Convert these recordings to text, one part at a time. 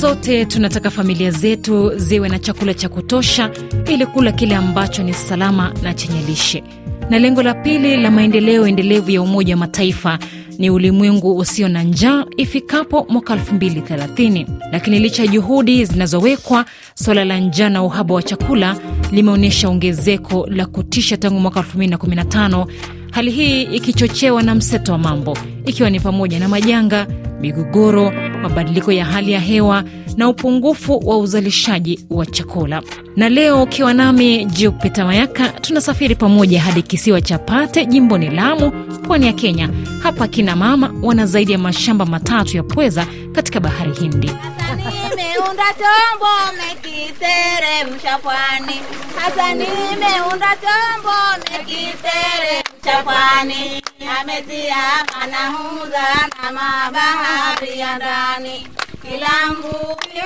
Sote tunataka familia zetu ziwe na chakula cha kutosha ili kula kile ambacho ni salama na chenye lishe. Na lengo la pili la maendeleo endelevu ya Umoja wa Mataifa ni ulimwengu usio na njaa ifikapo mwaka 2030. Lakini licha juhudi zinazowekwa, suala la njaa na uhaba wa chakula limeonyesha ongezeko la kutisha tangu mwaka 215 hali hii ikichochewa na mseto wa mambo, ikiwa ni pamoja na majanga, migogoro mabadiliko ya hali ya hewa na upungufu wa uzalishaji wa chakula. Na leo ukiwa nami Jupita Mayaka, tunasafiri pamoja hadi kisiwa cha Pate jimboni Lamu, pwani ya Kenya. Hapa kina mama wana zaidi ya mashamba matatu ya pweza katika bahari Hindi. Nimeunda chombo mekiteremsha pwani, hasa nimeunda chombo mekiteremsha Chapwani ametia manahudha na mabahari ya ndani, kila mvuvi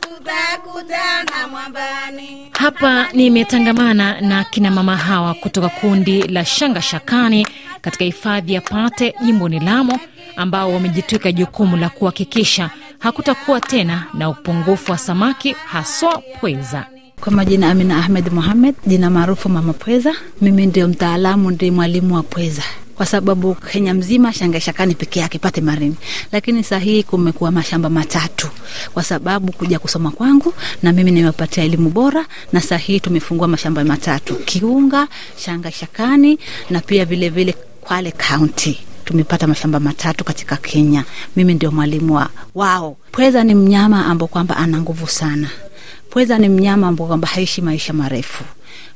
tutakutana mwambani. Hapa nimetangamana na kina mama hawa kutoka kundi la Shanga Shakani katika hifadhi ya Pate jimboni lamo ambao wamejitwika jukumu la kuhakikisha hakutakuwa tena na upungufu wa samaki haswa pweza. Kwa majina Amina Ahmed Mohamed, jina maarufu Mama Pweza. Mimi ndio mtaalamu, ndio mwalimu wa pweza kwa sababu Kenya mzima shanga shakani peke yake pate marini, lakini saa hii kumekuwa mashamba matatu kwa sababu kuja kusoma kwangu na mimi nimepatia elimu bora, na saa hii tumefungua mashamba matatu Kiunga, shanga shakani na pia vilevile Kwale County tumepata mashamba matatu katika Kenya. Mimi ndio mwalimu wa wao. Pweza ni mnyama ambao kwamba ana nguvu sana Pweza ni mnyama ambao kwamba haishi maisha marefu.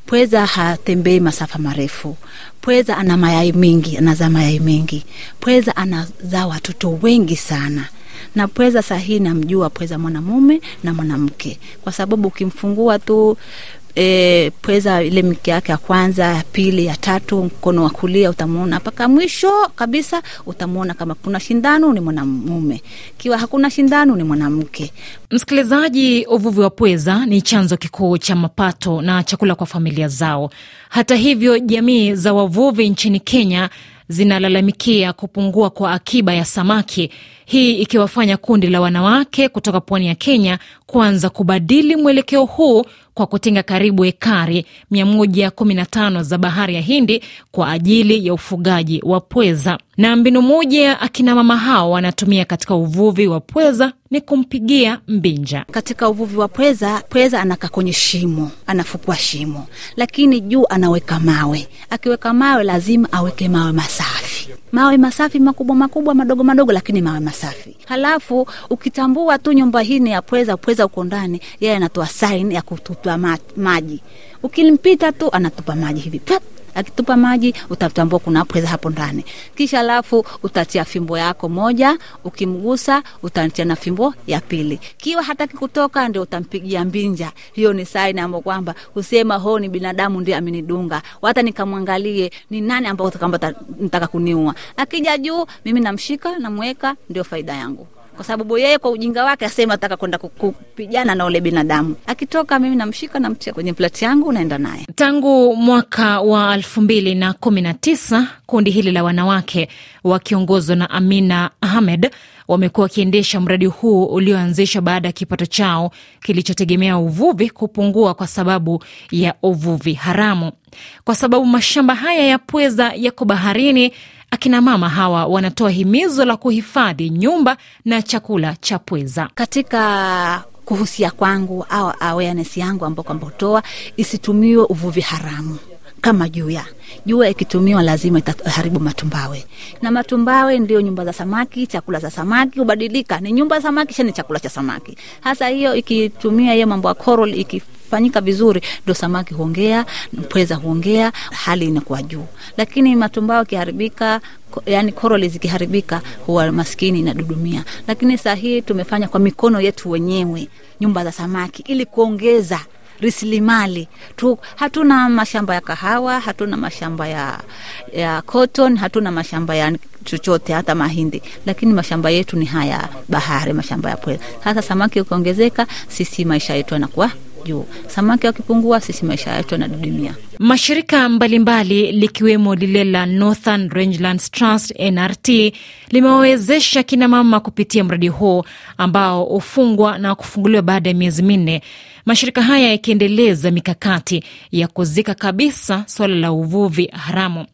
Pweza hatembei masafa marefu. Pweza ana mayai mengi, anazaa mayai mengi. Pweza anazaa watoto wengi sana na pweza sahihi, namjua pweza mwanamume na mwanamke, kwa sababu ukimfungua tu e, pweza ile mkia yake ya kwanza ya pili ya tatu, mkono wa kulia utamwona mpaka mwisho kabisa, utamwona kama kuna shindano ni mwanamume, kiwa hakuna shindano ni mwanamke. Msikilizaji, uvuvi wa pweza ni chanzo kikuu cha mapato na chakula kwa familia zao. Hata hivyo, jamii za wavuvi nchini Kenya zinalalamikia kupungua kwa akiba ya samaki hii ikiwafanya kundi la wanawake kutoka pwani ya Kenya kuanza kubadili mwelekeo huu kwa kutenga karibu ekari 115 za bahari ya Hindi kwa ajili ya ufugaji wa pweza. Na mbinu moja akina mama hao wanatumia katika uvuvi wa pweza ni kumpigia mbinja. Katika uvuvi wa pweza, pweza anakaa kwenye shimo, anafukua shimo, lakini juu anaweka mawe. Akiweka mawe lazima aweke mawe masafi mawe masafi makubwa makubwa, madogo madogo, lakini mawe masafi. Halafu ukitambua tu nyumba hii ni yapweza pweza, huko ndani, yeye anatoa saini ya kututwa maji. Ukimpita tu anatupa maji hivi pap Akitupa maji utatambua kuna pressure hapo ndani. Kisha alafu utatia fimbo yako moja, ukimgusa utatia na fimbo ya pili. Kiwa hataki kutoka, ndio utampigia mbinja. Hiyo ni sign ambayo kwamba husema ho, oh, ni binadamu ndiye amenidunga, hata nikamwangalie ni nani ambao utakamba nitaka kuniua. Akija juu, mimi namshika namweka, ndio faida yangu kwa sababu yeye kwa ujinga wake asema nataka kwenda kupigana na ule binadamu. Akitoka mimi namshika, namtia kwenye plati yangu, unaenda naye. Tangu mwaka wa elfu mbili na kumi na tisa kundi hili la wanawake wakiongozwa na Amina Ahmed wamekuwa wakiendesha mradi huu ulioanzishwa baada ya kipato chao kilichotegemea uvuvi kupungua kwa sababu ya uvuvi haramu, kwa sababu mashamba haya ya pweza yako baharini akina mama hawa wanatoa himizo la kuhifadhi nyumba na chakula cha pweza katika kuhusia kwangu au awareness yangu ambao kwamba hutoa isitumiwe uvuvi haramu kama juya. Juya ikitumiwa lazima itaharibu matumbawe, na matumbawe ndio nyumba za samaki, chakula za samaki hubadilika, ni nyumba ya samaki shani chakula cha samaki. Hasa hiyo ikitumia hiyo mambo ya coral, fanyika vizuri, ndo samaki huongea, pweza huongea, hali inakuwa juu. Lakini matumbao yakiharibika, yani koroli zikiharibika, huwa maskini inadudumia. Lakini saa hii tumefanya kwa mikono yetu wenyewe nyumba za samaki ili kuongeza rasilimali tu. Hatuna mashamba ya kahawa, hatuna mashamba ya, ya cotton, hatuna mashamba ya chochote hata mahindi, lakini mashamba yetu ni haya bahari, mashamba ya pweza. Sasa samaki ukiongezeka, sisi maisha yetu yanakuwa juu. Samaki wakipungua, sisi maisha yetu yanadidimia. Mashirika mbalimbali likiwemo lile la Northern Rangelands Trust NRT limewawezesha kinamama kupitia mradi huu ambao hufungwa na kufunguliwa baada ya miezi minne mashirika haya yakiendeleza mikakati ya kuzika kabisa swala la uvuvi haramu.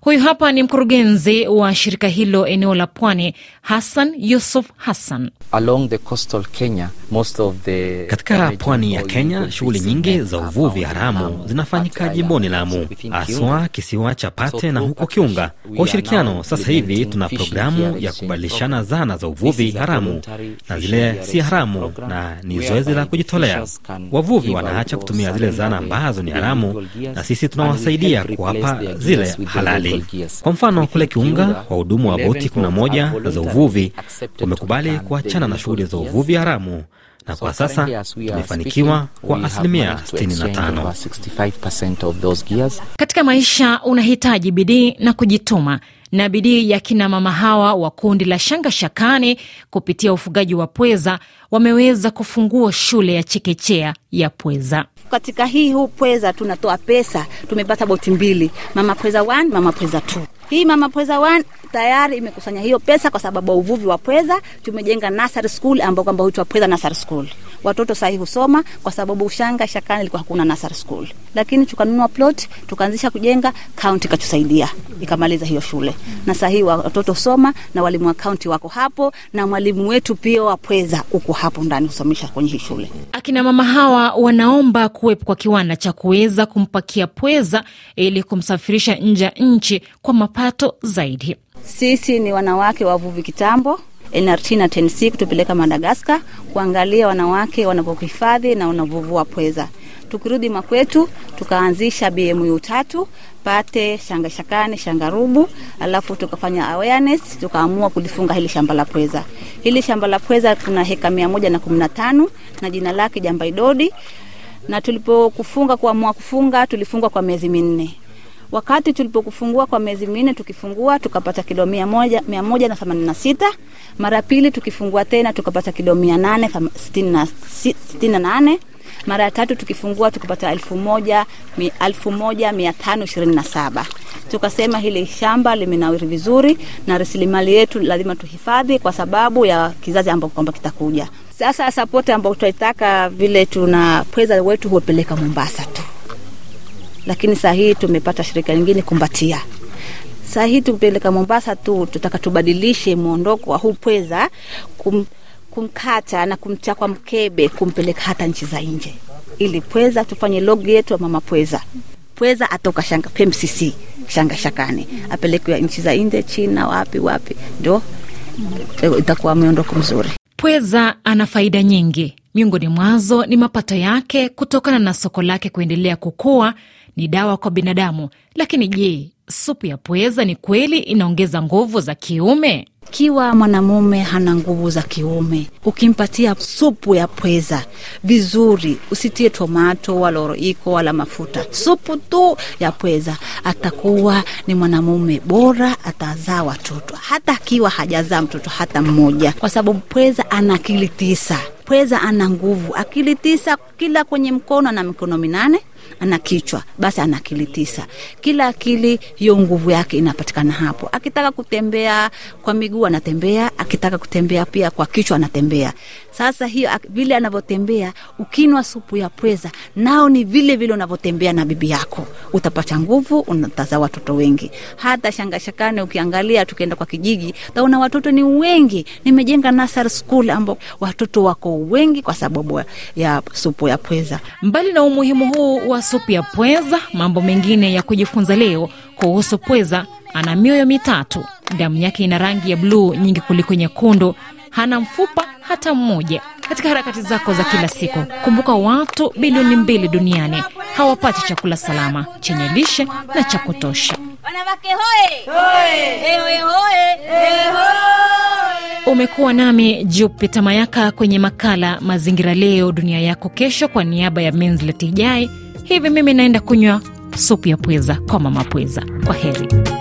Huyu hapa ni mkurugenzi wa shirika hilo eneo la pwani, Hassan Yusuf Hassan. Along the coastal Kenya, most of the... katika pwani ya Kenya shughuli nyingi za uvuvi haramu zinafanyika jimboni Lamu, haswa kisiwa cha Pate na huko Kiunga. Kwa ushirikiano, sasa hivi tuna programu ya kubadilishana zana za uvuvi haramu na zile si haramu, na ni zoezi la kujitolea. Wavuvi wanaacha kutumia zile zana ambazo ni haramu, na sisi tunawasaidia kuwapa zile halali. Kwa mfano, kule Kiunga, wahudumu wa boti 11 na za uvuvi wamekubali kuachana na shughuli za uvuvi haramu na kwa sasa tumefanikiwa kwa asilimia 65. Katika maisha unahitaji bidii na kujituma na bidii ya kina mama hawa wa kundi la Shanga Shakani kupitia ufugaji wa pweza wameweza kufungua shule ya chekechea ya pweza. Katika hii huu pweza tunatoa pesa, tumepata boti mbili, mama pweza 1 mama pweza 2 hii Mama Pweza One tayari imekusanya hiyo pesa kwa sababu uvuvi wa pweza. Tumejenga nursery school ambayo kwamba huitwa Pweza Nursery School. Watoto sahi husoma kwa sababu Ushanga Shakani ilikuwa hakuna nursery school. Lakini tukanunua plot, tukaanzisha kujenga, county katusaidia. Ikamaliza hiyo shule. Na sahi watoto soma na walimu wa county wako hapo na mwalimu wetu pia wa pweza uko hapo ndani kusomesha kwenye hii shule. Akina mama hawa wanaomba kuwepo kwa kiwanda cha kuweza kumpakia pweza ili kumsafirisha nje ya nchi kwa mapa kipato zaidi. Sisi ni wanawake wavuvi kitambo NRT na TNC kutupeleka Madagaskar kuangalia wanawake wanavyohifadhi na wanavovua pweza. Tukirudi makwetu tukaanzisha BMU tatu Pate, shanga shakani shanga rubu, alafu tukafanya awareness, tukaamua kulifunga hili shamba la pweza. Hili shamba la pweza kuna heka mia moja na kumi na tano na jina lake Jambaidodi, na tulipokufunga kuamua kufunga, tulifunga kwa miezi minne. Wakati tulipokufungua kwa miezi minne, tukifungua tukapata kilo mia moja, mia moja na themanini na sita. Mara pili tukifungua tena tukapata kilo mia nane sitini na nane. Mara ya tatu tukifungua tukapata elfu moja, mi, elfu moja mia tano ishirini na saba. Tukasema hili shamba limenawiri vizuri na rasilimali yetu lazima tuhifadhi kwa sababu ya kizazi ambao kwamba kitakuja. Sasa sapoti ambao tutaitaka vile tuna pweza wetu hupeleka Mombasa tu lakini saa hii tumepata shirika lingine kumbatia saa hii tupeleka Mombasa tu, tutaka tubadilishe mwondoko wa huu pweza kum, kumkata na kumchakwa mkebe kumpeleka hata nchi za nje, ili pweza tufanye log yetu ya mama pweza. Pweza atoka shanga pemcc shanga shakani, apelekwe nchi za nje, China, wapi wapi, ndo itakuwa miondoko mzuri. Pweza ana faida nyingi, miongoni mwazo ni mapato yake kutokana na soko lake kuendelea kukua ni dawa kwa binadamu, lakini je, supu ya pweza ni kweli inaongeza nguvu za kiume? Ikiwa mwanamume hana nguvu za kiume, ukimpatia supu ya pweza vizuri, usitie tomato wala roiko wala mafuta, supu tu ya pweza, atakuwa ni mwanamume bora, atazaa watoto, hata akiwa hajazaa mtoto hata mmoja, kwa sababu pweza ana akili tisa. Pweza ana nguvu akili tisa, kila kwenye mkono ana mikono minane ana kichwa basi ana akili tisa. Kila akili hiyo nguvu yake inapatikana hapo. Akitaka kutembea kwa miguu anatembea, akitaka kutembea pia kwa kichwa anatembea. Sasa hiyo vile anavyotembea, ukinwa supu ya pweza, nao ni vile vile unavyotembea na bibi yako, utapata nguvu, unatazaa watoto wengi. Hata shangashakane, ukiangalia tukienda kwa kijiji, taona watoto ni wengi. Nimejenga nasari school ambao watoto wako wengi kwa sababu ya supu ya pweza. Mbali na umuhimu huu wa kuwa supu ya pweza. Mambo mengine ya kujifunza leo kuhusu pweza, ana mioyo mitatu, damu yake ina rangi ya bluu nyingi kuliko nyekundu, hana mfupa hata mmoja. Katika harakati zako za kila siku, kumbuka watu bilioni mbili duniani hawapati chakula salama chenye lishe na cha kutosha. Umekuwa nami Jupita Mayaka kwenye makala Mazingira Leo Dunia Yako Kesho. Kwa niaba ya Menzlet Ijai hivi mimi naenda kunywa supu ya pweza kwa mama pweza. Kwa heri.